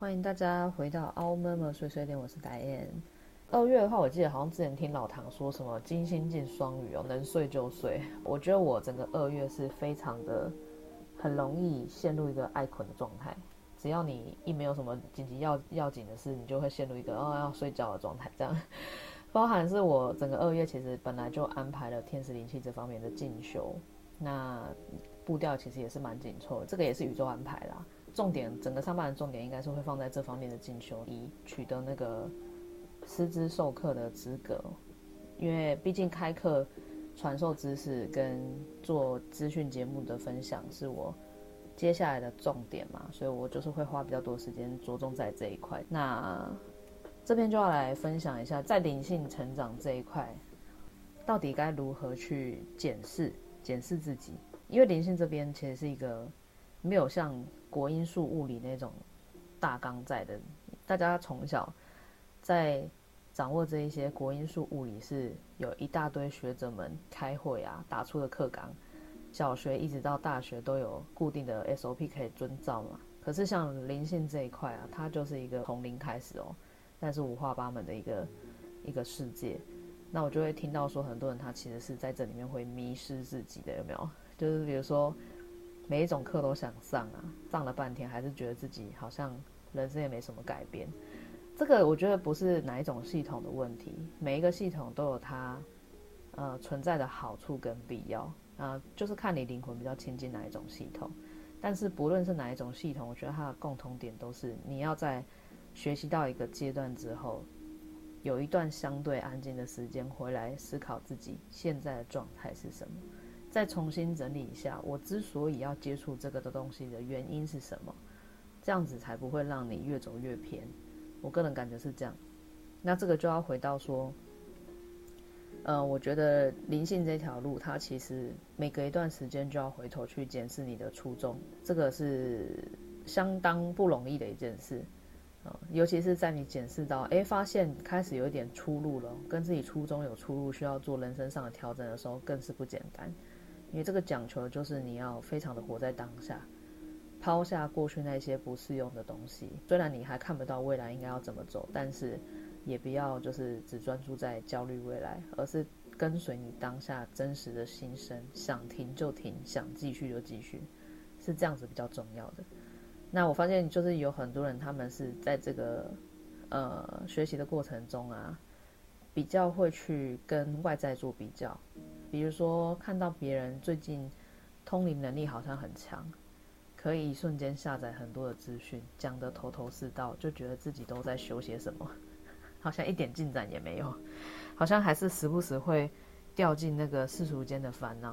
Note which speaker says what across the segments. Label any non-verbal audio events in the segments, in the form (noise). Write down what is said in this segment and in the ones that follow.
Speaker 1: 歡迎大家回到 AlMurmur 碎碎念，我是 Diane。二月的話，我記得好像之前聽老唐說什麼“金星進雙魚哦，能睡就睡”。我覺得我整個二月是非常的很容易陷入一個愛困的狀態。只要你一沒有什麼緊急要要緊的事，你就會陷入一個哦要睡覺的狀態。這樣，包含是我整個二月其實本來就安排了天使靈氣這方面的進修，那步調其實也是蠻緊湊的，這個也是宇宙安排啦。重點，整個上半年重點應該是會放在這方面的進修，以取得那個師資授課的資格。因為畢竟開課、傳授知識跟做資訊節目的分享是我接下來的重點嘛，所以我就是會花比較多時間着重在這一塊。那這邊就要來分享一下，在靈性成長這一塊，到底該如何去檢視、檢視自己？因為靈性這邊其實是一個。沒有像國英數物理那種大綱在的，大家從小在掌握這一些國英數物理是有一大堆學者們開會啊，打出的課綱，小學一直到大學都有固定的 SOP 可以遵照嘛。可是像靈性這一塊啊，它就是一個從零開始哦，但是五花八門的一個一個世界。那我就會聽到說，很多人他其實是在這裡面會迷失自己的，有沒有？就是比如說。每一種課都想上啊，上了半天還是覺得自己好像人生也沒什麼改變。這個我覺得不是哪一種系統的問題，每一個系統都有它呃存在的好處跟必要啊，呃，就是看你靈魂比較親近哪一種系統。但是不論是哪一種系統，我覺得它的共同點都是你要在學習到一個階段之後，有一段相對安靜的時間回來思考自己現在的狀態是什麼。再重新整理一下，我之所以要接觸這個的東西的原因是什麼？這樣子才不會讓你越走越偏。我個人感覺是這樣。那這個就要回到說，呃，我覺得靈性這條路，它其實每隔一段時間就要回頭去檢視你的初衷，這個是相當不容易的一件事啊、呃。尤其是在你檢視到，哎，發現開始有一點出入了，跟自己初衷有出入，需要做人生上的調整的時候，更是不簡單。因為這個講求的就是你要非常的活在當下，拋下過去那些不適用的東西。雖然你還看不到未來應該要怎麼走，但是也不要就是只專注在焦慮未來，而是跟隨你當下真實的心聲，想停就停，想繼續就繼續，是這樣子比較重要的。那我發現就是有很多人，他們是在這個呃學習的過程中啊，比較會去跟外在做比較。比如說，看到別人最近通靈能力好像很強，可以一瞬間下載很多的資訊，講得頭頭是道，就覺得自己都在修些什麼，好像一點進展也沒有，好像還是時不時會掉進那個世俗間的煩惱。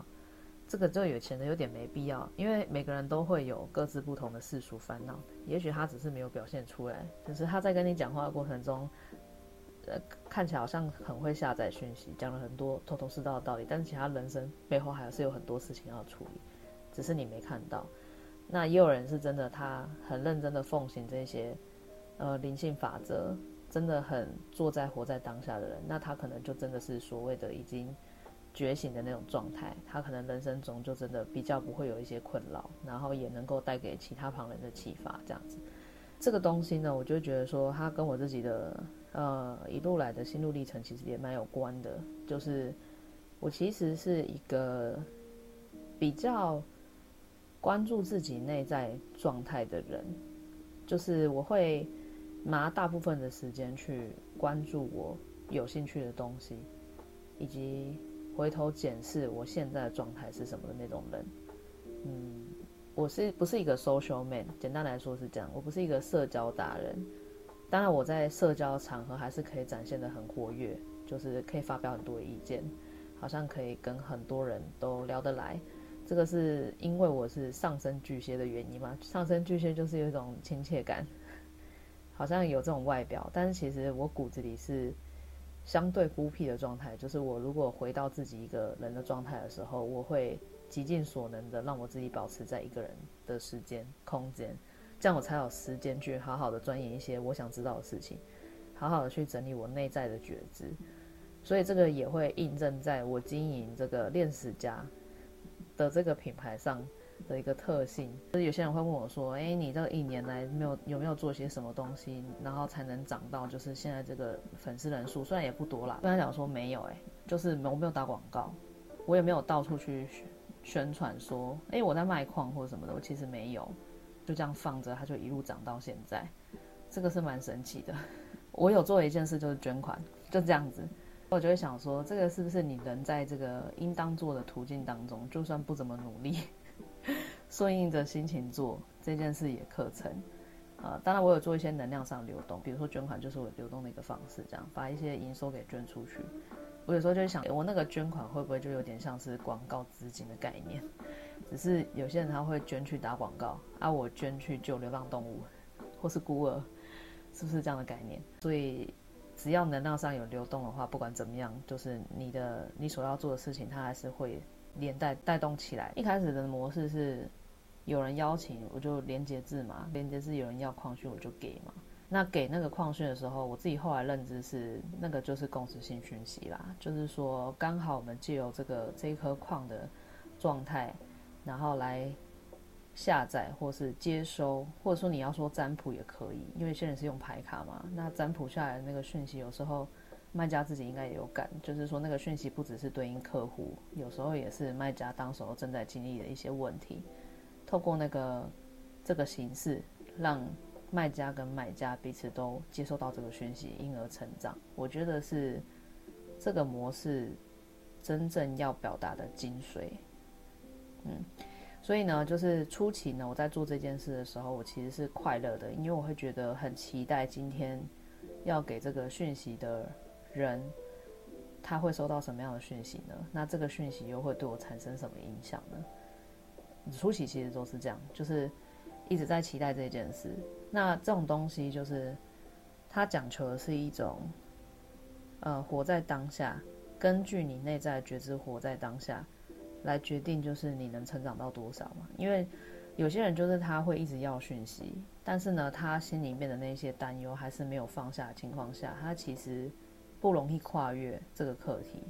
Speaker 1: 這個就有錢的有點沒必要，因為每個人都會有各自不同的世俗煩惱，也許他只是沒有表現出來，可是他在跟你講話的過程中。呃，看起來好像很會下載訊息，講了很多頭頭是道的道理，但是其他人生背後還是有很多事情要處理，只是你沒看到。那也有人是真的，他很認真的奉行這些，呃，靈性法則，真的很坐在活在當下的人，那他可能就真的是所謂的已經覺醒的那種狀態，他可能人生中就真的比較不會有一些困擾，然後也能夠帶給其他旁人的啟發，這樣子。這個東西呢，我就覺得說，他跟我自己的。呃，一路來的心路歷程其實也蠻有關的，就是我其實是一個比較關注自己內在狀態的人，就是我會拿大部分的時間去關注我有興趣的東西，以及回頭檢視我現在的狀態是什麼的那種人。嗯，我是不是一個 social man？簡單來說是這樣，我不是一個社交達人。當然，我在社交場合還是可以展現得很活躍，就是可以發表很多意見，好像可以跟很多人都聊得來。這個是因為我是上升巨蟹的原因嘛？上升巨蟹就是有一種親切感，好像有這種外表，但是其實我骨子裡是相對孤僻的狀態。就是我如果回到自己一個人的狀態的時候，我會極盡所能的讓我自己保持在一個人的時間空間。這樣我才有時間去好好的鑽研一些我想知道的事情，好好的去整理我內在的覺知，所以這個也會印證在我經營這個瀲石家的這個品牌上的一個特性。就是有些人會問我說：“哎，你這一年來沒有有沒有做些什麼東西，然後才能漲到就是現在這個粉絲人數？雖然也不多啦。”跟他講說沒有、欸，哎，就是我沒有打廣告，我也沒有到處去宣傳說：“哎，我在賣礦或者什麼的。”我其實沒有。就這樣放着，它就一路漲到現在，這個是蠻神奇的。我有做一件事，就是捐款，就這樣子，我就會想說，這個是不是你能在這個應當做的途徑當中，就算不怎麼努力，呵呵順應着心情做這件事也可成。啊、呃，當然我有做一些能量上流動，比如說捐款就是我流動的一個方式，這樣把一些營收給捐出去。我有時候就會想，欸，我那個捐款會不會就有點像是廣告資金的概念？只是有些人他會捐去打廣告，啊，我捐去救流浪動物，或是孤兒，是不是這樣的概念？所以，只要能量上有流動的話，不管怎麼樣，就是你的你所要做的事情，它還是會連帶帶動起來。一開始的模式是，有人邀請我就連結字嘛，連結字有人要礦區我就給嘛。那給那個礦訊的時候，我自己後來認知是，那個就是共識性訊息啦，就是說剛好我們借由這個這一顆礦的狀態，然後來下載或是接收，或者說你要說占卜也可以，因為現在是用牌卡嘛。那占卜下來的那個訊息，有時候賣家自己應該也有感，就是說那個訊息不只是對應客戶，有時候也是賣家當時候正在經歷的一些問題，透過那個這個形式讓。賣家跟買家彼此都接收到這個訊息，因而成長。我覺得是這個模式真正要表達的精髓。嗯，所以呢，就是初期呢，我在做這件事的時候，我其實是快樂的，因為我會覺得很期待今天要給這個訊息的人，他會收到什麼樣的訊息呢？那這個訊息又會對我產生什麼影響呢？初期其實都是這樣，就是。一直在期待這件事，那這種東西就是，他講求的是一種，呃，活在當下，根據你內在的覺知活在當下，來決定就是你能成長到多少嘛。因為有些人就是他會一直要訊息，但是呢，他心裡面的那些擔憂還是沒有放下的情況下，他其實不容易跨越這個課題。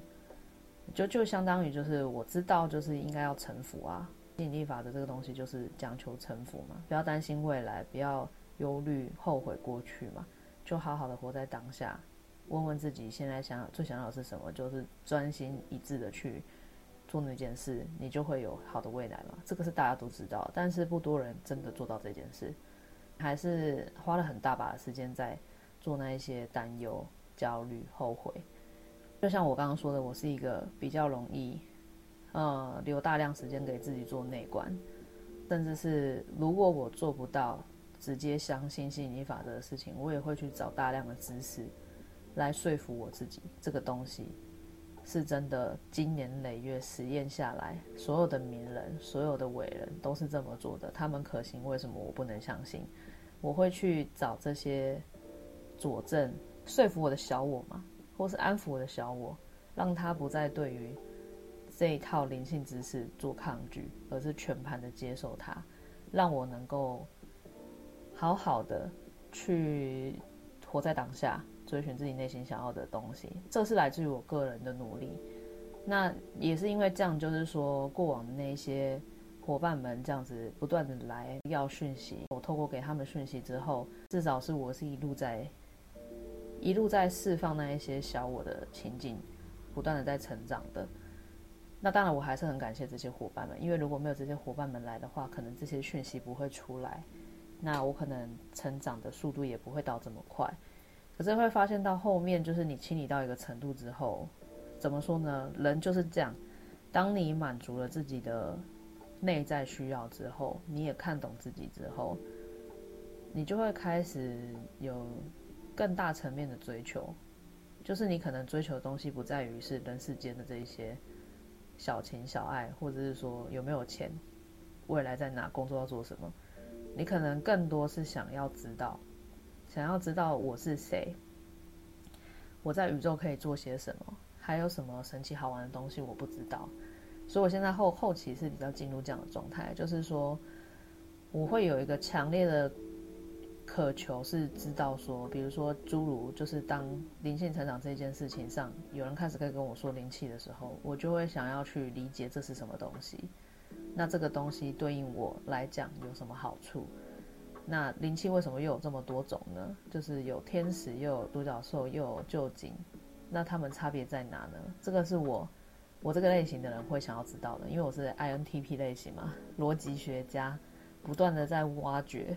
Speaker 1: 就就相當於就是我知道就是應該要臣服啊。吸引力法則這個東西就是講求臣服嘛，不要擔心未來，不要憂慮、後悔過去嘛，就好好的活在當下，問問自己現在想要最想要的是什麼，就是專心一致的去做那件事，你就會有好的未來嘛。這個是大家都知道，但是不多人真的做到這件事，還是花了很大把的時間在做那一些擔憂、焦慮、後悔。就像我剛剛說的，我是一個比較容易。呃、嗯，留大量時間給自己做內觀，甚至是如果我做不到直接相信吸引力法則的事情，我也會去找大量的知識來說服我自己，這個東西是真的。經年累月實驗下來，所有的名人、所有的偉人都是這麼做的，他們可行，為什麼我不能相信？我會去找這些佐證，說服我的小我嘛，或是安撫我的小我，讓他不再對於。這一套靈性知識做抗拒，而是全盤的接受它，讓我能夠好好的去活在當下，追尋自己內心想要的東西。這是來自於我個人的努力。那也是因為這樣，就是說，過往的那一些夥伴們這樣子不斷的來要訊息，我透過給他們訊息之後，至少是我是一路在一路在釋放那一些小我的情境，不斷的在成長的。那當然，我還是很感謝這些夥伴們，因為如果沒有這些夥伴們來的話，可能這些訊息不會出來，那我可能成長的速度也不會到這麼快。可是會發現到後面，就是你清理到一個程度之後，怎麼說呢？人就是這樣，當你滿足了自己的內在需要之後，你也看懂自己之後，你就會開始有更大層面的追求，就是你可能追求的東西不在於是人世間的這一些。小情小愛，或者是說有沒有錢，未來在哪，工作要做什麼，你可能更多是想要知道，想要知道我是誰，我在宇宙可以做些什麼，還有什麼神奇好玩的東西，我不知道。所以，我現在後後期是比較進入這樣的狀態，就是說，我會有一個強烈的。渴求，是知道說，比如說，諸如就是當靈性成長這件事情上，有人開始在跟我說靈氣的時候，我就會想要去理解這是什麼東西。那這個東西對應我來講有什麼好處？那靈氣為什麼又有這麼多種呢？就是有天使，又有獨角獸，又有臼井。那他們差別在哪呢？這個是我我這個類型的人會想要知道的，因為我是 INTP 類型嘛，邏輯學家，不斷的在挖掘。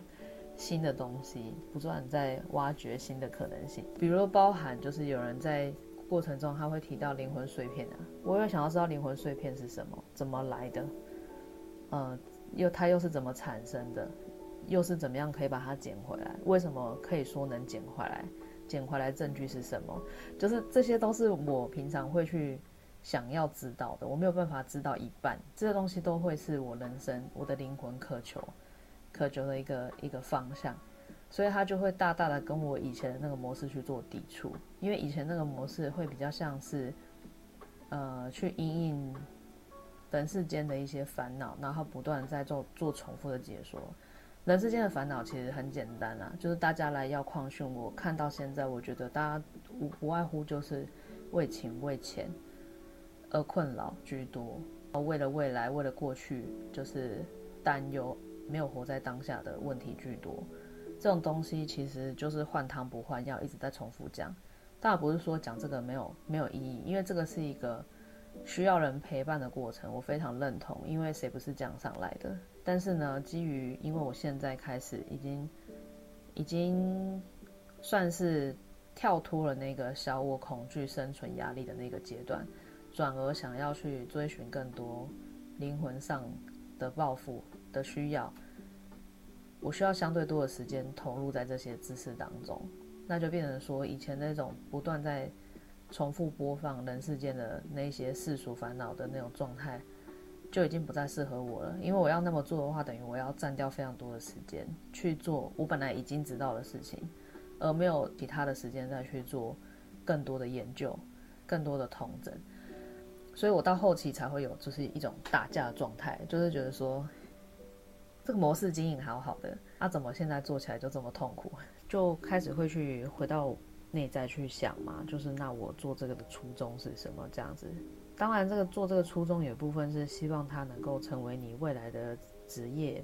Speaker 1: 新的東西不斷在挖掘新的可能性，比如包含就是有人在過程中他會提到靈魂碎片啊，我有想要知道靈魂碎片是什麼，怎麼來的，呃，又它又是怎麼產生的，又是怎麼樣可以把它撿回來？為什麼可以說能撿回來？撿回來證據是什麼？就是這些都是我平常會去想要知道的，我沒有辦法知道一半，這些東西都會是我人生我的靈魂渴求。渴求的一個一個方向，所以它就會大大的跟我以前的那個模式去做抵觸。因為以前那個模式會比較像是，呃，去因應人世間的一些煩惱，然後不斷在做做重複的解說。人世間的煩惱其實很簡單啊，就是大家來要匡訓。我看到現在，我覺得大家無無外乎就是為情為錢而困擾居多，為了未來，為了過去，就是擔憂。沒有活在當下的問題居多，這種東西其實就是換湯不換藥，一直在重複講。倒不是說講這個沒有沒有意義，因為這個是一個需要人陪伴的過程，我非常認同。因為誰不是這樣上來的？但是呢，基於因為我現在開始已經已經算是跳脫了那個小我恐懼、生存壓力的那個階段，轉而想要去追尋更多靈魂上的抱負。的需要，我需要相對多的時間投入在這些知識當中，那就變成說，以前那種不斷在重複播放人世間的那些世俗煩惱的那種狀態，就已經不再適合我了。因為我要那麼做的話，等於我要占掉非常多的時間去做我本來已經知道的事情，而沒有其他的時間再去做更多的研究、更多的統整。所以我到後期才會有，就是一種打架的狀態，就是覺得說。這個模式經營好好的，那、啊、怎麼現在做起來就這麼痛苦？就開始會去回到內在去想嘛，就是那我做這個的初衷是什麼？這樣子。當然這個做這個初衷有部分是希望它能夠成為你未來的職業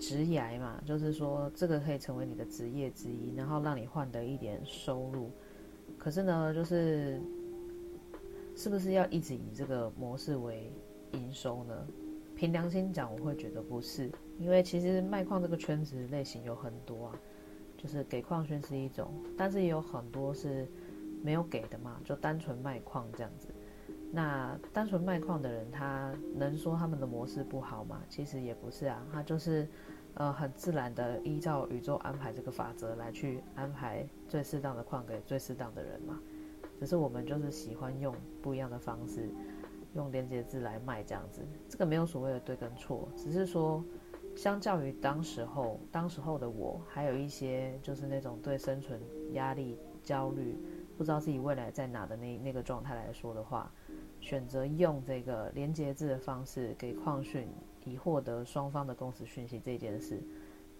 Speaker 1: 職業嘛，就是說這個可以成為你的職業之一，然後讓你換得一點收入。可是呢，就是是不是要一直以這個模式為營收呢？憑良心講，我會覺得不是，因為其實賣礦這個圈子類型有很多啊，就是給礦圈是一種，但是也有很多是沒有給的嘛，就單純賣礦這樣子。那單純賣礦的人，他能說他們的模式不好嗎？其實也不是啊，他就是呃很自然的依照宇宙安排這個法則來去安排最適當的礦給最適當的人嘛。只是我們就是喜歡用不一樣的方式。用連接字來賣這樣子，這個沒有所謂的對跟錯，只是說，相較於當時候當時候的我，還有一些就是那種對生存壓力、焦慮，不知道自己未來在哪，的那那個狀態來說的話，選擇用這個連接字的方式給曠訊以獲得雙方的共識訊息這件事，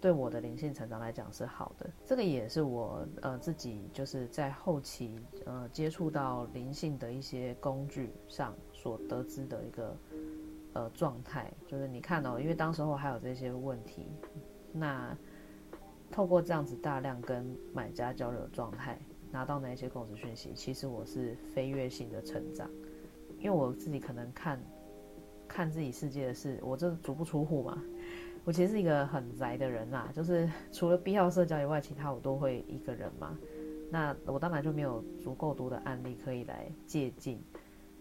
Speaker 1: 對我的靈性成長來講是好的。這個也是我呃自己就是在後期呃接觸到靈性的一些工具上。所得知的一個呃狀態，就是你看哦，因為當時候還有這些問題，那透過這樣子大量跟買家交流的狀態，拿到那些控制訊息，其實我是飛躍性的成長。因為我自己可能看看自己世界的事，我這足不出戶嘛，我其實是一個很宅的人啦，啊，就是除了必要社交以外，其他我都會一個人嘛。那我當然就沒有足夠多的案例可以來借鑑。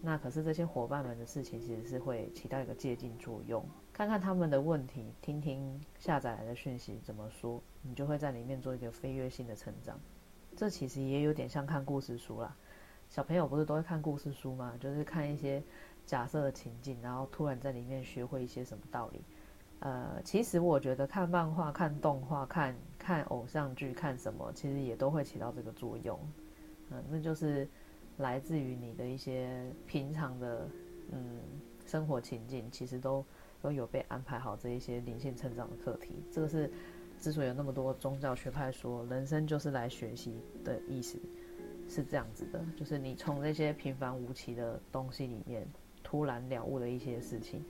Speaker 1: 那可是這些夥伴們的事情，其實是會起到一個借鏡作用，看看他們的問題，聽聽下載來的訊息怎麼說，你就會在裡面做一個飛躍性的成長。這其實也有點像看故事書啦，小朋友不是都會看故事書嗎？就是看一些假設的情境，然後突然在裡面學會一些什麼道理。呃，其實我覺得看漫畫、看動畫、看看偶像劇、看什麼，其實也都會起到這個作用。嗯、呃，那就是。來自於你的一些平常的，嗯，生活情境，其實都都有被安排好這一些靈性成長的課題。這個是之所以有那麼多宗教學派說人生就是來學習的意思，是這樣子的，就是你從這些平凡無奇的東西裡面突然了悟的一些事情。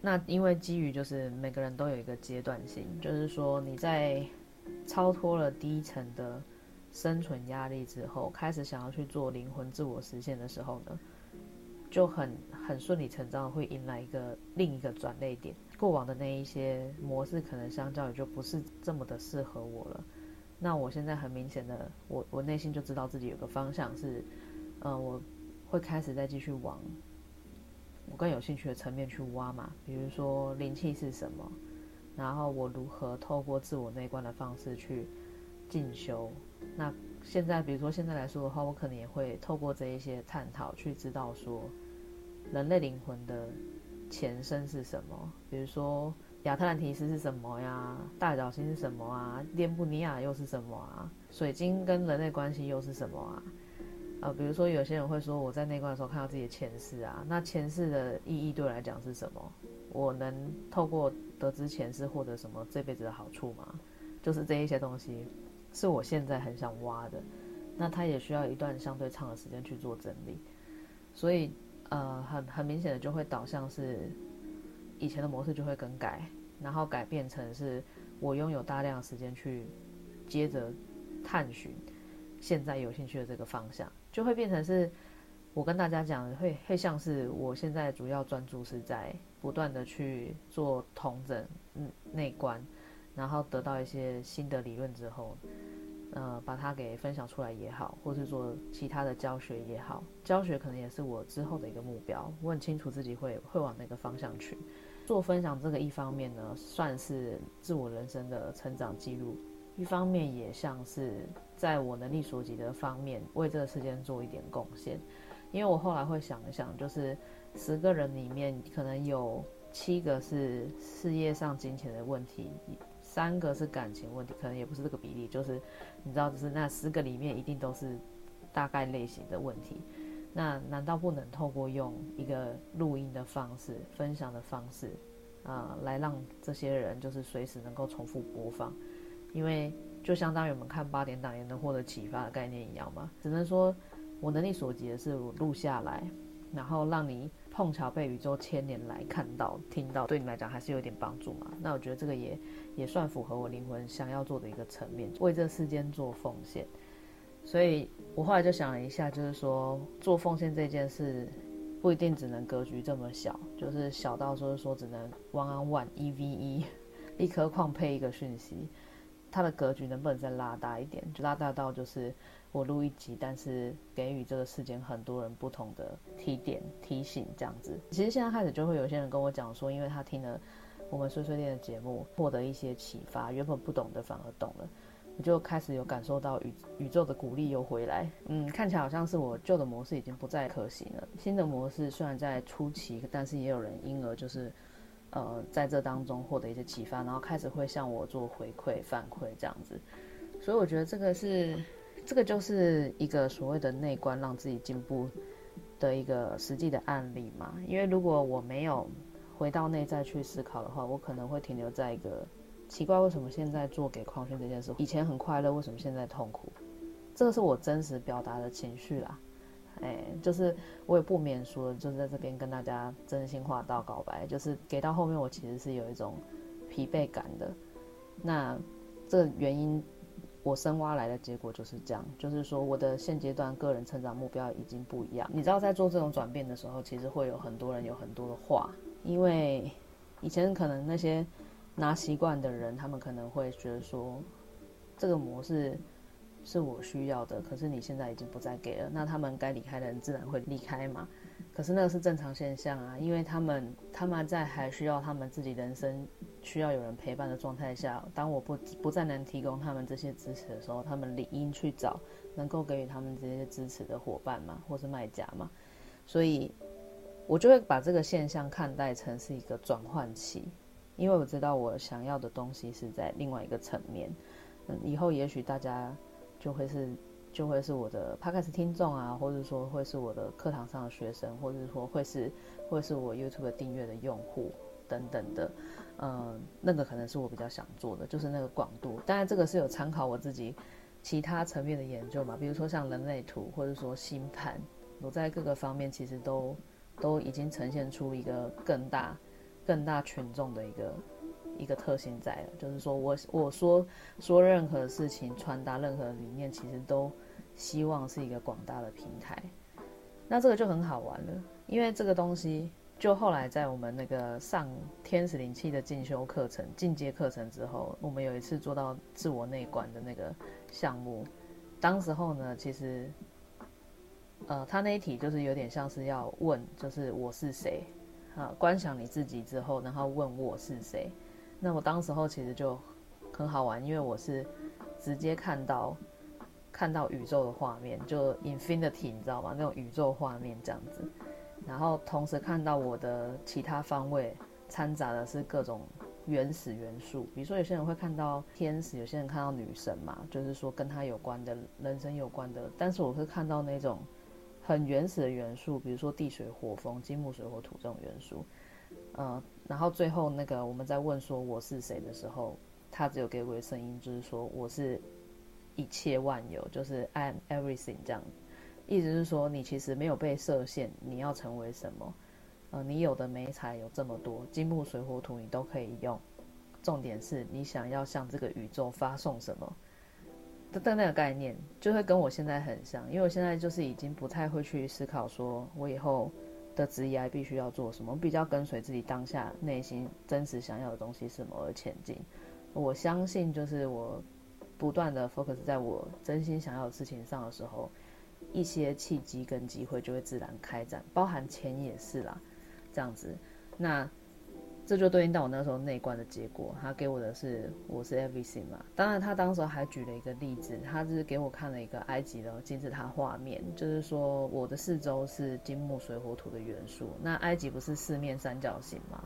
Speaker 1: 那因為基於就是每個人都有一個階段性，就是說你在超脫了低層的。生存壓力之後，開始想要去做靈魂自我實現的時候呢，就很很順理成章的會迎來一個另一個轉捩點。過往的那一些模式，可能相較於就不是這麼的適合我了。那我現在很明顯的，我我內心就知道自己有個方向是，嗯、呃，我會開始再繼續往我更有興趣的層面去挖嘛。比如說靈氣是什麼，然後我如何透過自我內觀的方式去進修。那現在，比如說現在來說的話，我可能也會透過這一些探討去知道說，人類靈魂的前身是什麼？比如說亞特蘭提斯是什麼呀？大角星是什麼啊？列布尼亞又是什麼啊？水晶跟人類關係又是什麼啊？呃，比如說有些人會說，我在內觀的時候看到自己的前世啊，那前世的意義對我來講是什麼？我能透過得知前世獲得什麼這輩子的好處嗎？就是這一些東西。是我現在很想挖的，那它也需要一段相對長的時間去做整理，所以，呃，很很明顯的就會導向是，以前的模式就會更改，然後改變成是我擁有大量的時間去接着探尋現在有興趣的這個方向，就會變成是，我跟大家講會會像是我現在主要專注是在不斷的去做統整、嗯、內觀。然後得到一些新的理論之後，呃，把它給分享出來也好，或是做其他的教學也好，教學可能也是我之後的一個目標。我很清楚自己會會往哪個方向去做分享。這個一方面呢，算是自我人生的成長記錄；一方面也像是在我能力所及的方面為這個世間做一點貢獻。因為我後來會想一想，就是十個人裡面可能有七個是事業上、金錢的問題。三個是感情問題，可能也不是這個比例，就是你知道，就是那十個裡面一定都是大概類型的問題。那難道不能透過用一個錄音的方式、分享的方式啊、呃，來讓這些人就是隨時能夠重複播放？因為就相當於我們看八點檔也能獲得啟發的概念一樣嘛。只能說，我能力所及的是我錄下來，然後讓你。碰巧被宇宙千年來看到、聽到，對你來講還是有點幫助嘛？那我覺得這個也也算符合我靈魂想要做的一個層面，為這世間做奉獻。所以我後來就想了一下，就是說做奉獻這件事，不一定只能格局這麼小，就是小到就是說只能 one on one 一 v 一，一顆礦配一個訊息，它的格局能不能再拉大一點？就拉大到就是。我錄一集，但是給予這個世間很多人不同的提點、提醒，這樣子。其實現在開始就會有些人跟我講說，因為他聽了我們碎碎念的節目，獲得一些啟發，原本不懂的反而懂了。我就開始有感受到宇宙宇宙的鼓勵又回來，嗯，看起來好像是我舊的模式已經不再可行了，新的模式雖然在初期，但是也有人因而就是，呃，在這當中獲得一些啟發，然後開始會向我做回饋、反饋這樣子。所以我覺得這個是。這個就是一個所謂的內觀，讓自己進步的一個實際的案例嘛。因為如果我沒有回到內在去思考的話，我可能會停留在一個奇怪為什麼現在做給礦泉這件事，以前很快樂，為什麼現在痛苦？這個是我真實表達的情緒啦。哎，就是我也不免俗，就是在這邊跟大家真心話道告白，就是給到後面我其實是有一種疲憊感的。那這原因。我深挖來的結果就是這樣，就是說我的現階段個人成長目標已經不一樣。你知道，在做這種轉變的時候，其實會有很多人有很多的話，因為以前可能那些拿習慣的人，他們可能會覺得說這個模式是我需要的，可是你現在已經不再給了，那他們該離開的人自然會離開嘛。可是那個是正常現象啊，因為他們他們在還需要他們自己人生需要有人陪伴的狀態下，當我不不再能提供他們這些支持的時候，他們理應去找能夠給予他們這些支持的夥伴嘛，或是賣家嘛，所以我就會把這個現象看待成是一個轉換期，因為我知道我想要的東西是在另外一個層面，嗯，以後也許大家就會是，就會是我的 Podcast 聽眾啊，或者說會是我的課堂上的學生，或者說會是會是我 YouTube 訂閱的用戶等等的，嗯，那個可能是我比較想做的，就是那個廣度。當然，這個是有參考我自己其他層面的研究嘛，比如說像人類圖，或者說星盤，我在各個方面其實都都已經呈現出一個更大、更大群眾的一個一個特性在了，就是說我我說說任何事情，傳達任何理念，其實都。希望是一個廣大的平台，那這個就很好玩了，因為這個東西就後來在我們那個上天使靈氣的進修課程、進階課程之後，我們有一次做到自我內觀的那個項目，當時候呢，其實，呃，他那一題就是有點像是要問，就是我是誰，啊、呃，觀想你自己之後，然後問我是誰，那我當時候其實就很好玩，因為我是直接看到。看到宇宙的畫面，就 infinity，你知道嗎？那種宇宙畫面這樣子，然後同時看到我的其他方位，摻雜的是各種原始元素。比如說，有些人會看到天使，有些人看到女神嘛，就是說跟他有關的，人生有關的。但是我會看到那種很原始的元素，比如說地水火風、金木水火土這種元素。嗯、呃，然後最後那個我們在問說我是誰的時候，他只有給我的聲音，就是說我是。一切萬有就是 I am everything 這樣，意思是說你其實沒有被設限，你要成為什麼？呃，你有的媒材有這麼多，金木水火土你都可以用。重點是你想要向這個宇宙發送什麼？但那個概念，就會跟我現在很像，因為我現在就是已經不太會去思考說我以後的職業還必須要做什麼，比較跟隨自己當下內心真實想要的東西是什麼而前進。我相信就是我。不斷的 focus 在我真心想要的事情上的時候，一些契機跟機會就會自然開展，包含錢也是啦，這樣子。那這就對應到我那時候內觀的結果，他給我的是我是 everything 嘛。當然，他當時還舉了一個例子，他就是給我看了一個埃及的金字塔畫面，就是說我的四周是金木水火土的元素。那埃及不是四面三角形嗎？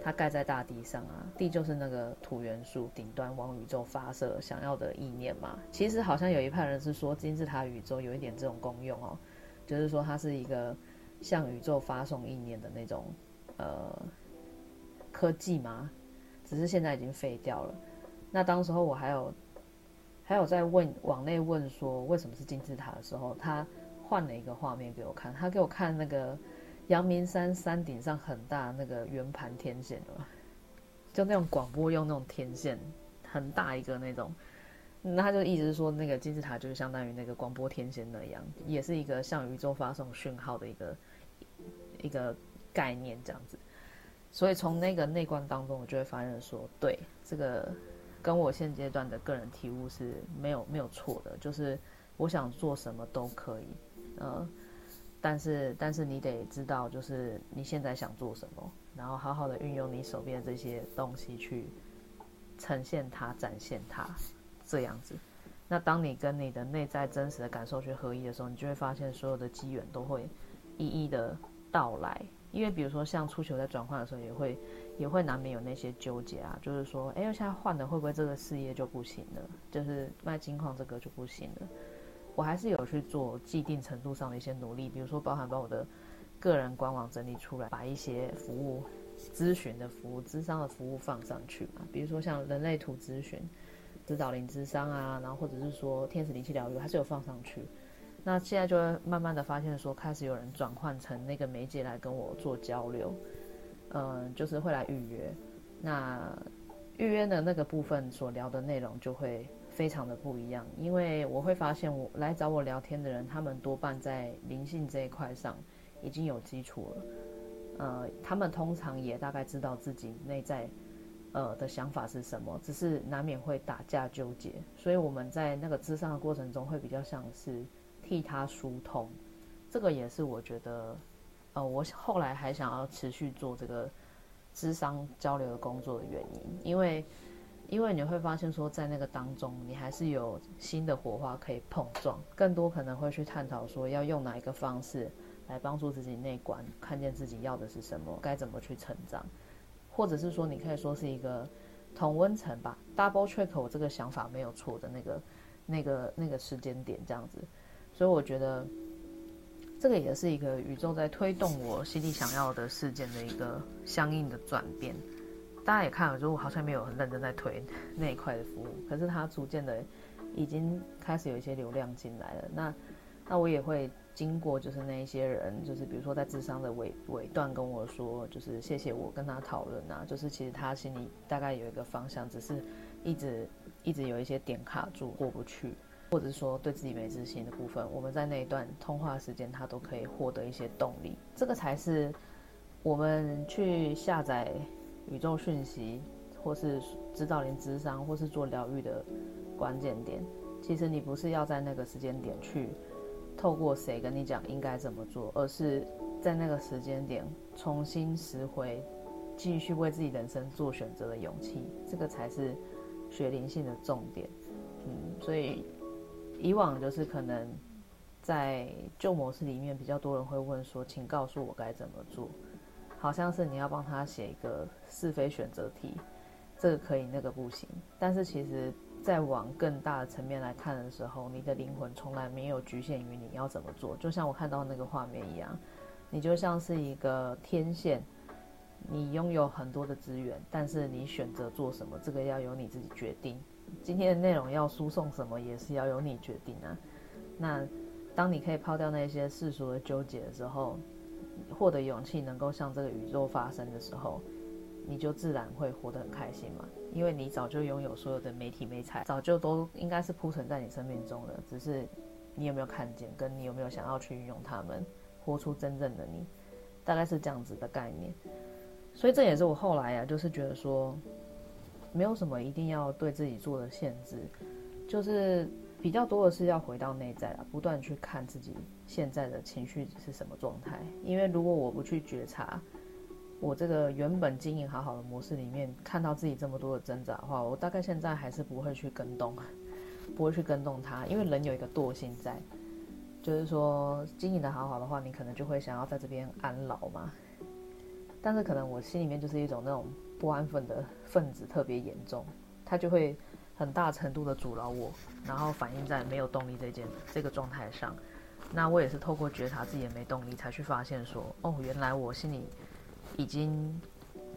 Speaker 1: 它蓋在大地上啊，地就是那個土元素，頂端往宇宙發射想要的意念嘛。其實好像有一派人是說金字塔宇宙有一點這種功用哦，就是說它是一個向宇宙發送意念的那種呃科技嘛，只是現在已經廢掉了。那當時候我還有還有在問，往內問說為什麼是金字塔的時候，他換了一個畫面給我看，他給我看那個。陽明山山頂上很大那個圓盤天線，就那種廣播用那種天線，很大一個那種。那、嗯、他就一直說，那個金字塔就是相當於那個廣播天線那樣，也是一個向宇宙發送訊號的一個一個概念這樣子。所以從那個內觀當中，我就會發現說，對這個跟我現階段的個人體悟是沒有沒有錯的，就是我想做什麼都可以，嗯、呃。但是，但是你得知道，就是你現在想做什麼，然後好好的運用你手邊的這些東西去呈現它、展現它，這樣子。那當你跟你的內在真實的感受去合一的時候，你就會發現所有的機緣都會一一的到來。因為比如說，像出球在轉換的時候，也會也會難免有那些糾結啊，就是說，哎，我現在換了會不會這個事業就不行了？就是賣晶礦這個就不行了。我還是有去做既定程度上的一些努力，比如說包含把我的個人官網整理出來，把一些服務、諮詢的服務、諮商的服務放上去嘛，比如說像人類圖諮詢、指導靈諮商啊，然後或者是說天使靈氣療癒，還是有放上去。那現在就會慢慢的發現說，開始有人轉換成那個媒介來跟我做交流，嗯、呃，就是會來預約，那預約的那個部分所聊的內容就會。非常的不一樣，因為我會發現我，我來找我聊天的人，他們多半在靈性這一塊上已經有基礎了，呃，他們通常也大概知道自己內在，呃的想法是什麼，只是難免會打架糾結，所以我們在那個諮商的過程中，會比較像是替他疏通，這個也是我覺得，呃，我後來還想要持續做這個諮商交流的工作的原因，因為。因為你會發現，說在那個當中，你還是有新的火花可以碰撞，更多可能會去探討說要用哪一個方式來幫助自己內觀，看見自己要的是什麼，該怎麼去成長，或者是說你可以說是一個同溫層吧，double check，我這個想法沒有錯的那個、那個、那個時間點這樣子，所以我覺得這個也是一個宇宙在推動我心裡想要的事件的一個相應的轉變。大家也看了，我就我好像沒有很認真在推那一塊的服務，可是他逐漸的已經開始有一些流量進來了。那那我也會經過，就是那一些人，就是比如說在諮商的尾尾段跟我說，就是謝謝我跟他討論啊，就是其實他心裡大概有一個方向，只是一直一直有一些點卡住過不去，或者說對自己沒自信的部分，我們在那一段通話時間，他都可以獲得一些動力。這個才是我們去下載宇宙訊息，或是指導靈諮商，或是做療癒的關鍵點，其實你不是要在那個時間點去透過誰跟你講應該怎麼做，而是在那個時間點重新拾回繼續為自己人生做選擇的勇氣，這個才是學靈性的重點。嗯，所以以往就是可能在舊模式裡面比較多人會問說，請告訴我該怎麼做。好像是你要幫他寫一個是非選擇題，這個可以，那個不行。但是其實，在往更大的層面來看的時候，你的靈魂從來沒有局限於你要怎麼做。就像我看到那個畫面一樣，你就像是一個天線，你擁有很多的資源，但是你選擇做什麼，這個要由你自己決定。今天的內容要輸送什麼，也是要由你決定啊。那當你可以拋掉那些世俗的糾結的時候，獲得勇氣，能夠向這個宇宙發聲的時候，你就自然會活得很開心嘛。因為你早就擁有所有的媒體媒材，早就都應該是鋪陳在你生命中的，只是你有沒有看見，跟你有沒有想要去運用他們，活出真正的你，大概是這樣子的概念。所以這也是我後來啊，就是覺得說，沒有什麼一定要對自己做的限制，就是比較多的是要回到內在了，不斷去看自己。現在的情緒是什麼狀態？因為如果我不去覺察，我這個原本經營好好的模式裡面看到自己這麼多的掙扎的話，我大概現在還是不會去跟動，不會去跟動它。因為人有一個惰性在，就是說，經營的好好的話，你可能就會想要在這邊安老嘛。但是可能我心裡面就是一種那種不安分的分子特別嚴重，它就會很大程度的阻撓我，然後反映在沒有動力這件這個狀態上。那我也是透過覺察自己也沒動力，才去發現說，哦，原來我心裡已經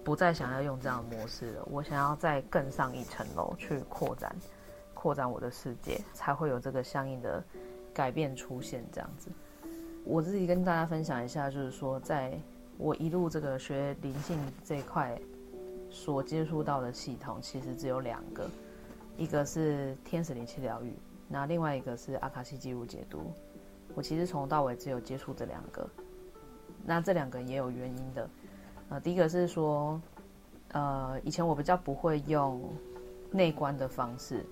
Speaker 1: 不再想要用這樣的模式了。我想要再更上一層樓，去擴展、擴展我的世界，才會有這個相應的改變出現。這樣子，我自己跟大家分享一下，就是說，在我一路這個學靈性這一塊所接觸到的系統，其實只有兩個，一個是天使靈氣療癒，那另外一個是阿卡西記錄解讀。我其實從頭到尾只有接觸這兩個，那這兩個也有原因的，呃，第一個是說，呃，以前我比較不會用內觀的方式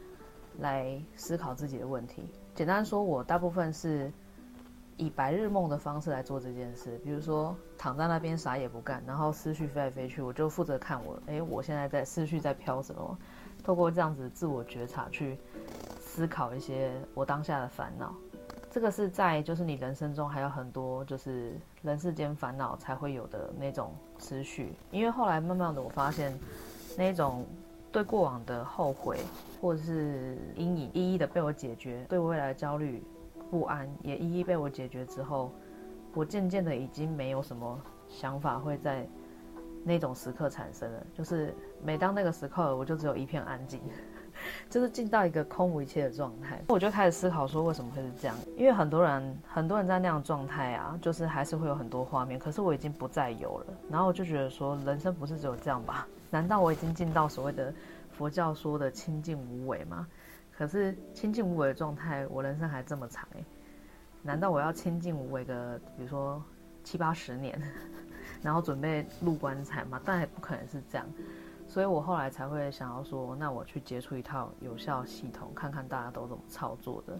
Speaker 1: 來思考自己的問題。簡單說，我大部分是以白日夢的方式來做這件事，比如說躺在那邊啥也不幹，然後思緒飛來飛去，我就負責看我，哎，我現在在思緒在飄什麼，透過這樣子自我覺察去思考一些我當下的煩惱。這個是在就是你人生中還有很多就是人世間煩惱才會有的那種思緒，因為後來慢慢的我發現，那種對過往的後悔或者是陰影，一一的被我解決，對未來的焦慮、不安也一一被我解決之後，我漸漸的已經沒有什麼想法會在那種時刻產生了，就是每當那個時刻，我就只有一片安靜。就是進到一個空無一切的狀態，我就開始思考說為什麼會是這樣？因為很多人，很多人在那樣的狀態啊，就是還是會有很多畫面，可是我已經不再有了。然後我就覺得說，人生不是只有這樣吧？難道我已經進到所謂的佛教說的清淨無為嗎？可是清淨無為的狀態，我人生還這麼長，欸，難道我要清淨無為個，比如說七八十年，然後準備入棺材嗎？但也不可能是這樣。所以我後來才會想要說，那我去接觸一套有效系統，看看大家都怎麼操作的。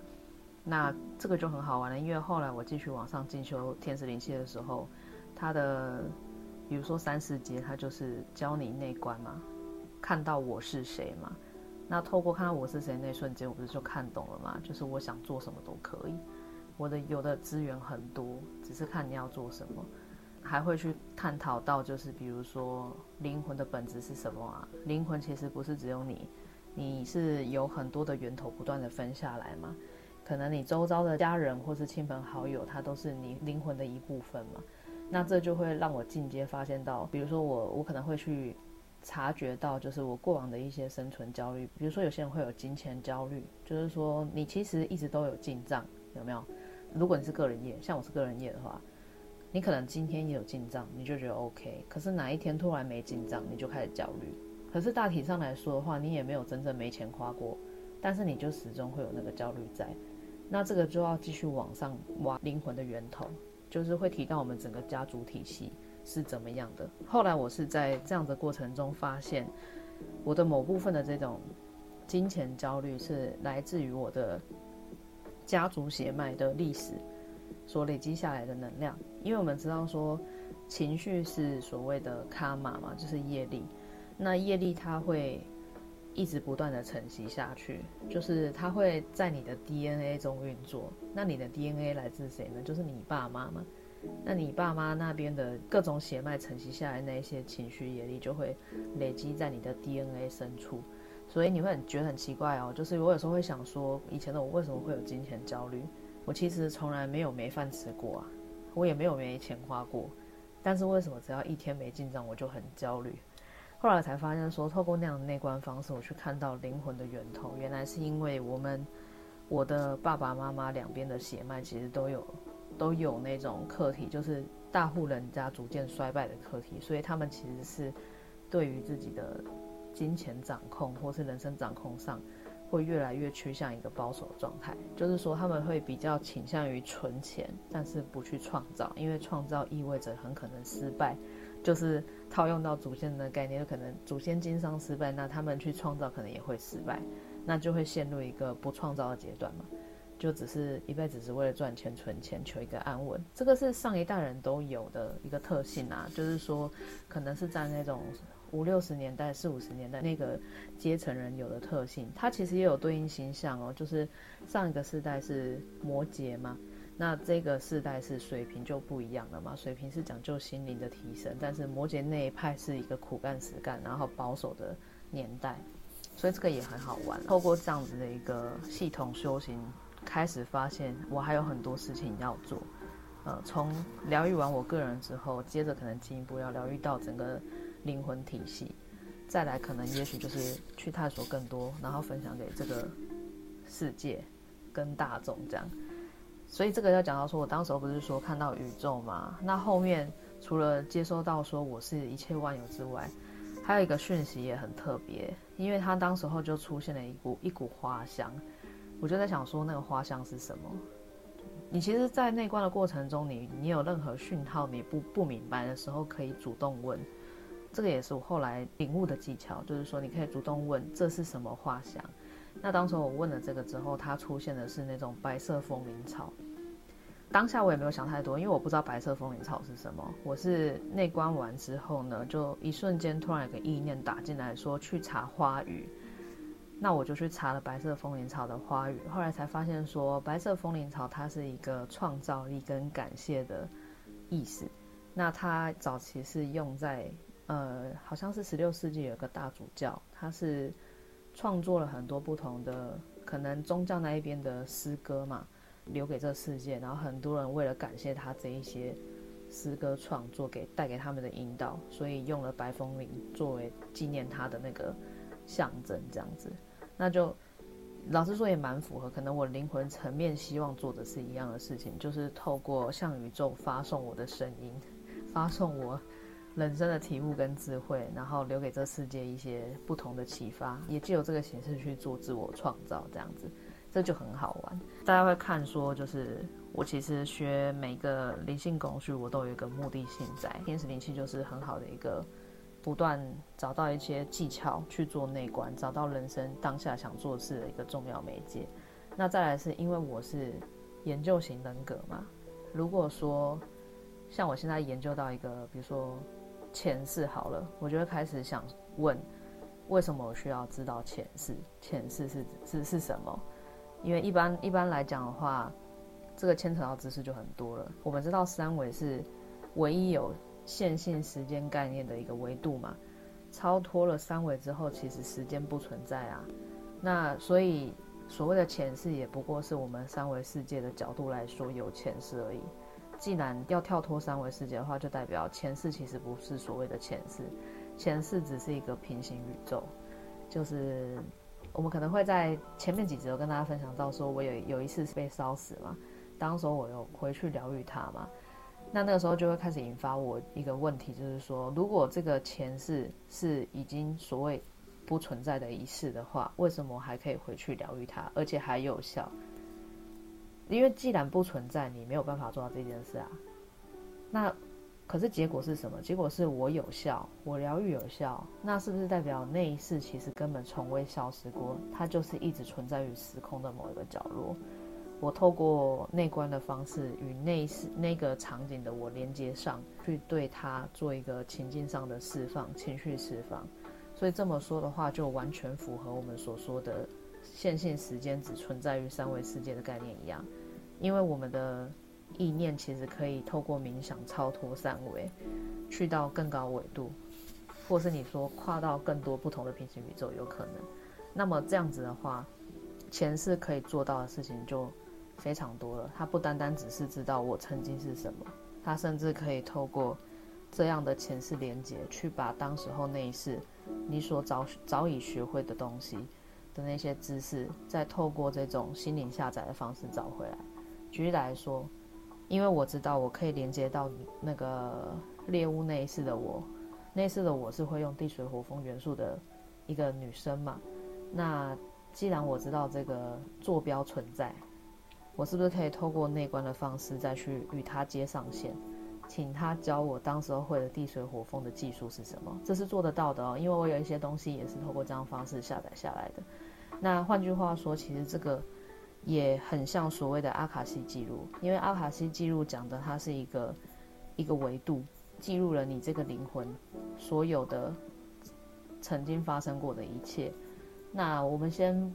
Speaker 1: 那這個就很好玩了，因為後來我繼續往上進修天使靈氣的時候，他的比如說三十節，他就是教你內觀嘛，看到我是誰嘛。那透過看到我是誰那瞬間，我不是就看懂了嗎？就是我想做什麼都可以，我的有的資源很多，只是看你要做什麼。還會去探討到，就是比如說靈魂的本質是什麼啊？靈魂其實不是只有你，你是有很多的源頭不斷地分下來嘛。可能你周遭的家人或是親朋好友，他都是你靈魂的一部分嘛。那這就會讓我進階發現到，比如說我我可能會去察覺到，就是我過往的一些生存焦慮。比如說有些人會有金錢焦慮，就是說你其實一直都有進賬，有沒有？如果你是個人業，像我是個人業的話。你可能今天也有進賬，你就覺得 OK。可是哪一天突然沒進賬，你就開始焦慮。可是大體上來說的話，你也沒有真正沒錢花過，但是你就始終會有那個焦慮在。那這個就要繼續往上挖靈魂的源頭，就是會提到我們整個家族體系是怎麼樣的。後來我是在這樣的過程中發現，我的某部分的這種金錢焦慮是來自於我的家族血脈的歷史。所累積下來的能量，因為我們知道說，情緒是所謂的卡瑪嘛，就是業力。那業力它會一直不斷的承襲下去，就是它會在你的 DNA 中運作。那你的 DNA 來自誰呢？就是你爸媽嘛。那你爸媽那邊的各種血脈沉積下來的那一些情緒業力，就會累積在你的 DNA 深處。所以你會很覺得很奇怪哦，就是我有時候會想說，以前的我為什麼會有金錢焦慮？我其實從來沒有沒飯吃過，啊，我也沒有沒錢花過，但是為什麼只要一天沒進賬我就很焦慮？後來才發現說，透過那樣的內觀方式，我去看到靈魂的源頭，原來是因為我們我的爸爸媽媽兩邊的血脈其實都有都有那種課題，就是大戶人家逐漸衰敗的課題，所以他們其實是對於自己的金錢掌控或是人生掌控上。會越來越趨向一個保守狀態，就是說他們會比較傾向於存錢，但是不去創造，因為創造意味着很可能失敗。就是套用到祖先的概念，可能祖先經商失敗，那他們去創造可能也會失敗，那就會陷入一個不創造的階段嘛，就只是一輩子是為了賺錢、存錢，求一個安穩。這個是上一代人都有的一個特性啊，就是說可能是在那種。五六十年代、四五十年代那個階層人有的特性，它其實也有對應形象哦。就是上一個世代是摩羯嘛，那這個世代是水瓶就不一樣了嘛。水瓶是講究心靈的提升，但是摩羯那一派是一個苦幹實幹然後保守的年代，所以這個也很好玩。透過這樣子的一個系統修行，開始發現我還有很多事情要做。呃，從療癒完我個人之後，接着可能進一步要療癒到整個。靈魂體系，再來可能也許就是去探索更多，然後分享給這個世界跟大眾這樣。所以這個要講到說，我當時候不是說看到宇宙嗎？那後面除了接收到說我是一切萬有之外，還有一個訊息也很特別，因為它當時候就出現了一股一股花香，我就在想說那個花香是什麼？你其實，在內觀的過程中你，你你有任何訊號你不不明白的時候，可以主動問。這個也是我後來領悟的技巧，就是說你可以主動問這是什麼花香。那當時我問了這個之後，它出現的是那種白色風鈴草。當下我也沒有想太多，因為我不知道白色風鈴草是什麼。我是內觀完之後呢，就一瞬間突然有個意念打進來說去查花語。那我就去查了白色風鈴草的花語，後來才發現說白色風鈴草它是一個創造力跟感謝的意思。那它早期是用在呃、嗯，好像是十六世紀有個大主教，他是創作了很多不同的可能宗教那一邊的詩歌嘛，留給這個世界。然後很多人為了感謝他這一些詩歌創作給帶給他們的引導，所以用了白風鈴作為紀念他的那個象徵，這樣子。那就老實說也蠻符合，可能我靈魂層面希望做的是一樣的事情，就是透過向宇宙發送我的聲音，發送我。人生的體悟跟智慧，然後留給這世界一些不同的啟發，也藉由這個形式去做自我創造，這樣子，這就很好玩。大家會看說，就是我其實學每個靈性工具，我都有一個目的性在。天使靈氣就是很好的一個，不斷找到一些技巧去做內觀，找到人生當下想做事的一個重要媒介。那再來是因為我是研究型人格嘛，如果說像我現在研究到一個，比如說。前世好了，我就會開始想問，為什麼我需要知道前世？前世是是是什麼？因為一般一般來講的話，這個牽扯到知識就很多了。我們知道三維是唯一有線性時間概念的一個維度嘛，超脫了三維之後，其實時間不存在啊。那所以所謂的前世，也不過是我們三維世界的角度來說有前世而已。既然要跳脫三維世界的話，就代表前世其實不是所謂的前世，前世只是一個平行宇宙，就是我們可能會在前面幾集有跟大家分享到說，說我有有一次是被燒死嘛，當時候我有回去療癒它嘛，那那個時候就會開始引發我一個問題，就是說，如果這個前世是已經所謂不存在的一世的話，為什麼我還可以回去療癒它，而且還有效？因為既然不存在，你沒有辦法做到這件事啊。那，可是結果是什麼？結果是我有效，我療癒有效。那是不是代表那一世其實根本從未消失過？它就是一直存在於時空的某一個角落。我透過內觀的方式與那一世那個場景的我連接上，去對它做一個情境上的釋放、情緒釋放。所以這麼說的話，就完全符合我們所說的線性時間只存在於三維世界的概念一樣。因為我們的意念其實可以透過冥想超脫三維，去到更高維度，或是你說跨到更多不同的平行宇宙，有可能。那麼這樣子的話，前世可以做到的事情就非常多了。他不單單只是知道我曾經是什麼，他甚至可以透過這樣的前世連接，去把當時候那一世你所早早已學會的東西的那些知識，再透過這種心靈下載的方式找回來。舉例來說，因為我知道我可以連接到那個獵物那一世的我，那一世的我是會用地水火風元素的一個女生嘛。那既然我知道這個坐標存在，我是不是可以透過內觀的方式再去與她接上線，請她教我當時候會的地水火風的技術是什麼？這是做得到的哦，因為我有一些東西也是透過這樣方式下載下來的。那換句話說，其實這個。也很像所謂的阿卡西記錄，因為阿卡西記錄講的它是一個一個維度，記錄了你這個靈魂所有的曾經發生過的一切。那我們先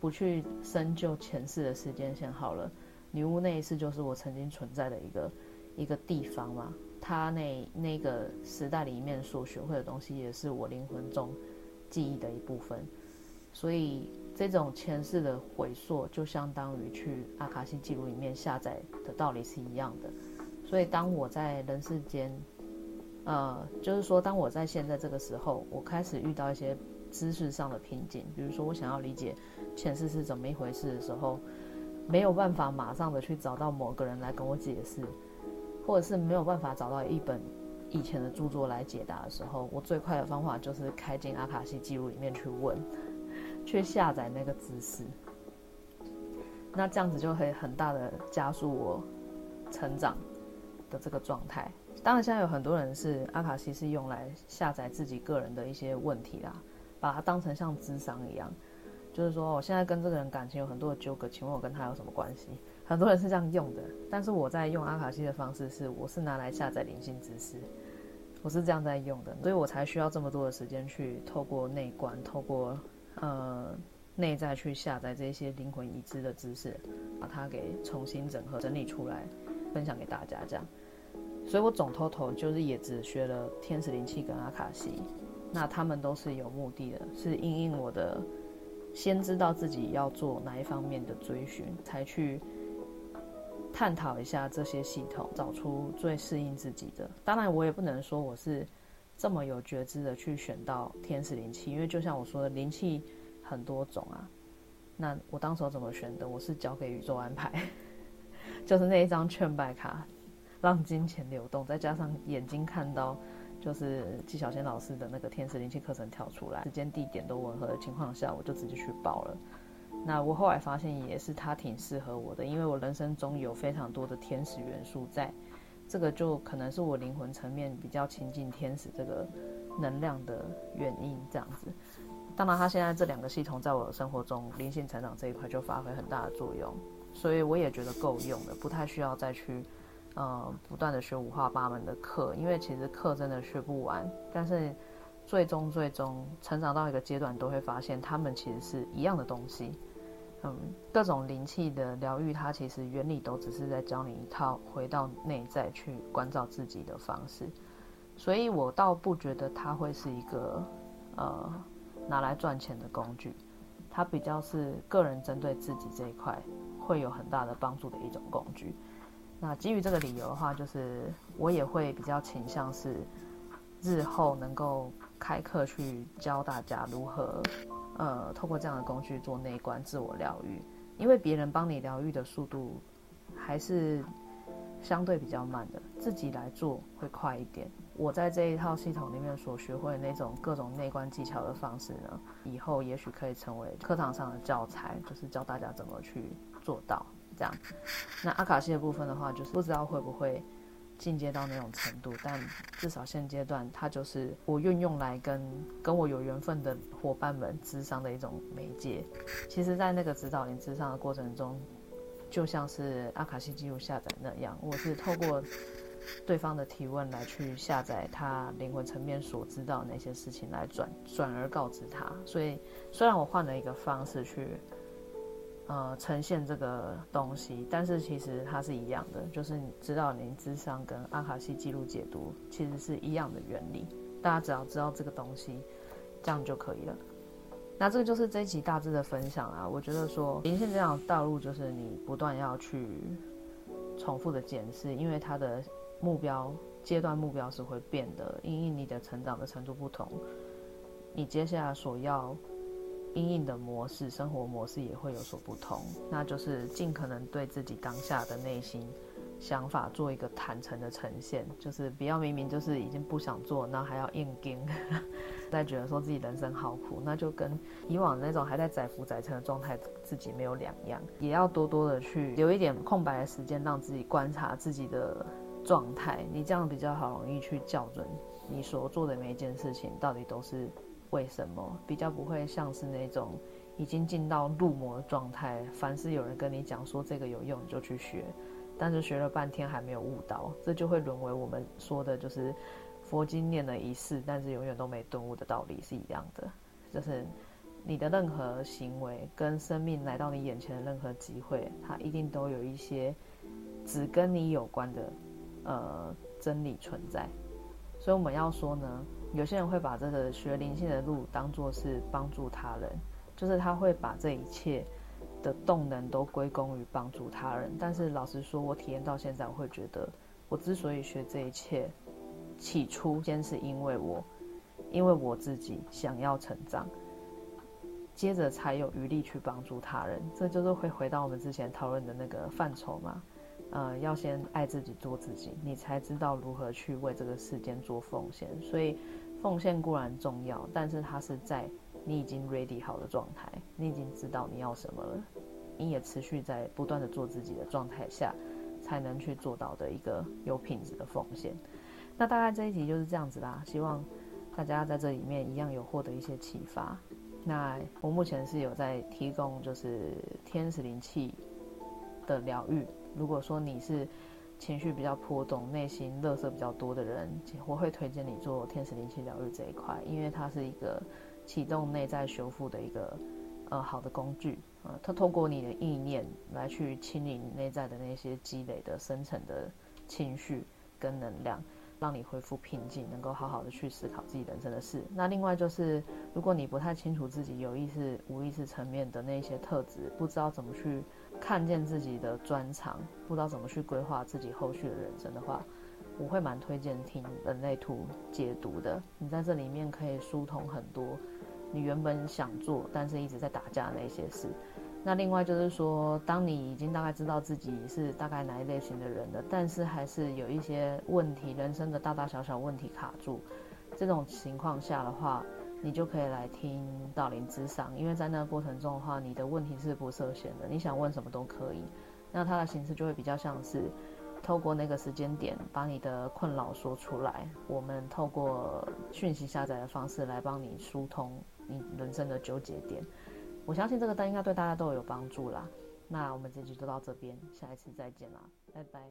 Speaker 1: 不去深究前世的時間線好了。女巫那一次就是我曾經存在的一個一個地方嘛，她那那個時代裡面所學會的東西也是我靈魂中記憶的一部分，所以。這種前世的回溯，就相當於去阿卡西記錄裡面下載的道理是一樣的。所以，當我在人世間，呃，就是說，當我在現在這個時候，我開始遇到一些知識上的瓶頸，比如說我想要理解前世是怎麼一回事的時候，沒有辦法馬上的去找到某個人來跟我解釋，或者是沒有辦法找到一本以前的著作來解答的時候，我最快的方法就是開進阿卡西記錄裡面去問。去下載那個知識，那這樣子就可以很大的加速我成長的這個狀態。當然，現在有很多人是阿卡西是用來下載自己個人的一些問題啦，把它當成像諮商，一樣，就是說，我現在跟這個人感情有很多的糾葛，請問我跟他有什麼關係？很多人是這樣用的，但是我在用阿卡西的方式是，我是拿來下載靈性知識，我是這樣在用的，所以我才需要這麼多的時間去透過內觀，透過。呃，內在去下載這些靈魂已知的知識，把它給重新整合、整理出來，分享給大家。這樣，所以我總偷偷就是也只學了天使靈氣跟阿卡西，那他們都是有目的的，是因應我的先知道自己要做哪一方面的追尋，才去探討一下這些系統，找出最適應自己的。當然，我也不能說我是。這麼有覺知的去選到天使靈氣，因為就像我說的，靈氣很多種啊。那我當時候怎麼選的？我是交給宇宙安排， (laughs) 就是那一張勸敗卡，讓金錢流動，再加上眼睛看到，就是紀曉仙老師的那個天使靈氣課程跳出來，時間地點都吻合的情況下，我就直接去報了。那我後來發現也是他挺適合我的，因為我人生中有非常多的天使元素在。這個就可能是我靈魂層面比較親近天使這個能量的原因，這樣子。當然，他現在這兩個系統在我的生活中靈性成長這一塊就發揮很大的作用，所以我也覺得夠用了，不太需要再去呃不斷的學五花八門的課，因為其實課真的學不完。但是最終最終成長到一個階段，都會發現他們其實是一樣的東西。嗯，各種靈氣的療癒，它其實原理都只是在教你一套回到內在去關照自己的方式，所以我倒不覺得它會是一個呃拿來賺錢的工具，它比較是個人針對自己這一塊會有很大的幫助的一種工具。那基於這個理由的話，就是我也會比較傾向是日後能夠開課去教大家如何。呃，透過這樣的工具做內觀自我療癒，因為別人幫你療癒的速度還是相對比較慢的，自己來做會快一點。我在這一套系統裡面所學會的那種各種內觀技巧的方式呢，以後也許可以成為課堂上的教材，就是教大家怎麼去做到這樣。那阿卡西的部分的話，就是不知道會不會進階到那種程度，但至少現階段，它就是我運用來跟跟我有緣分的夥伴們諮商的一種媒介。其實，在那個指導靈諮商的過程中，就像是阿卡西記錄下載那樣，我是透過對方的提問來去下載他靈魂層面所知道的那些事情，來轉轉而告知他。所以，雖然我換了一個方式去。呃，呈現這個東西，但是其實它是一樣的，就是你知道，靈諮商跟阿卡西記錄解讀其實是一樣的原理。大家只要知道這個東西，這樣就可以了。那這個就是這一集大致的分享啊。我覺得說靈性這條道路，就是你不斷要去重複的檢視，因為它的目標階段目標是會變的，因為你的成長的程度不同，你接下來所要。陰影的模式，生活模式也會有所不同。那就是盡可能對自己當下的內心想法做一個坦誠的呈現，就是不要明明就是已經不想做，那還要硬頂，再覺得說自己人生好苦，那就跟以往那種還在載浮載沉的狀態自己沒有兩樣。也要多多的去留一點空白的時間，讓自己觀察自己的狀態。你這樣比較好，容易去校準你所做的每一件事情到底都是。為什麼比較不會像是那種已經進到入魔的狀態？凡是有人跟你講說這個有用，你就去學，但是學了半天還沒有悟到，這就會淪為我們說的就是佛經念了一世，但是永遠都沒頓悟的道理是一樣的。就是你的任何行為跟生命來到你眼前的任何機會，它一定都有一些只跟你有關的呃真理存在。所以我們要說呢。有些人會把這個學靈性的路當做是幫助他人，就是他會把這一切的動能都歸功於幫助他人。但是老實說，我體驗到現在，我會覺得我之所以學這一切，起初先是因為我，因為我自己想要成長，接着才有餘力去幫助他人。這就是會回到我們之前討論的那個範疇嘛。呃，要先愛自己，做自己，你才知道如何去為這個世間做奉獻。所以，奉獻固然重要，但是它是在你已經 ready 好的狀態，你已經知道你要什麼了，你也持續在不斷的做自己的狀態下，才能去做到的一個有品質的奉獻。那大概這一集就是這樣子啦，希望大家在這裡面一樣有獲得一些啟發。那我目前是有在提供就是天使靈氣的療癒。如果說你是情緒比較波動，內心垃圾比較多的人，我會推薦你做天使靈氣療癒這一塊，因為它是一個啟動內在修復的一個呃好的工具啊、呃。它透過你的意念來去清理你內在的那些積累的深層的情緒跟能量，讓你恢復平靜，能夠好好的去思考自己人生的事。那另外就是，如果你不太清楚自己有意識、無意識層面的那些特質，不知道怎麼去。看見自己的專長，不知道怎麼去規劃自己後續的人生的話，我會蠻推薦聽人類圖解讀的。你在這裡面可以疏通很多你原本想做但是一直在打架的那些事。那另外就是說，當你已經大概知道自己是大概哪一類型的人了，但是還是有一些問題，人生的大大小小問題卡住，這種情況下的話。你就可以來聽《導靈之聲》，因為在那個過程中的話，你的問題是不設限的，你想問什麼都可以。那它的形式就會比較像是，透過那個時間點把你的困擾說出來，我們透過訊息下載的方式來幫你疏通你人生的糾結點。我相信這個單應該對大家都有幫助啦。那我們這集就到這邊，下一次再見啦，拜拜。